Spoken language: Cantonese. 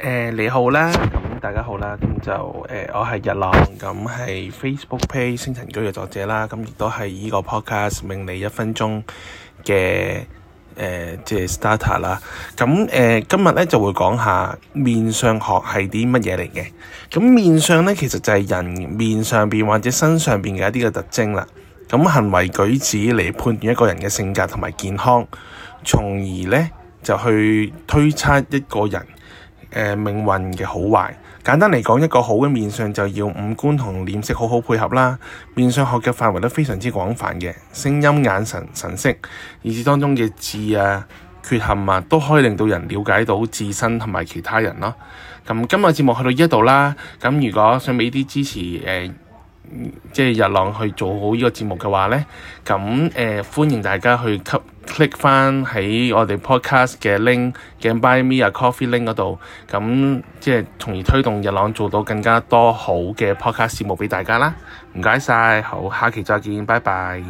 誒、呃，你好啦，咁、呃、大家好啦，咁就誒，我係日朗，咁、呃、係 Facebook Page 星辰居嘅作者啦，咁亦都係呢個 Podcast 命理一分鐘嘅誒，即、呃、係、就是、Starter 啦。咁、呃、誒，今日咧就會講下面相學係啲乜嘢嚟嘅。咁面相咧，其實就係人面上邊或者身上邊嘅一啲嘅特徵啦。咁行為舉止嚟判斷一個人嘅性格同埋健康，從而咧就去推測一個人。呃、命運嘅好壞，簡單嚟講，一個好嘅面相就要五官同臉色好好配合啦。面相學嘅範圍都非常之廣泛嘅，聲音、眼神、神色、以至當中嘅痣啊、缺陷啊，都可以令到人了解到自身同埋其他人咯。咁、嗯、今日節目去到呢一度啦，咁、嗯、如果想畀啲支持誒、呃，即係日朗去做好個節呢個節目嘅話咧，咁、嗯、誒、呃、歡迎大家去給。Click 返喺我哋 podcast 嘅 link 嘅 buy me a coffee link 嗰度，咁即係從而推動日朗做到更加多好嘅 podcast 節目畀大家啦。唔該晒，好，下期再見，拜拜。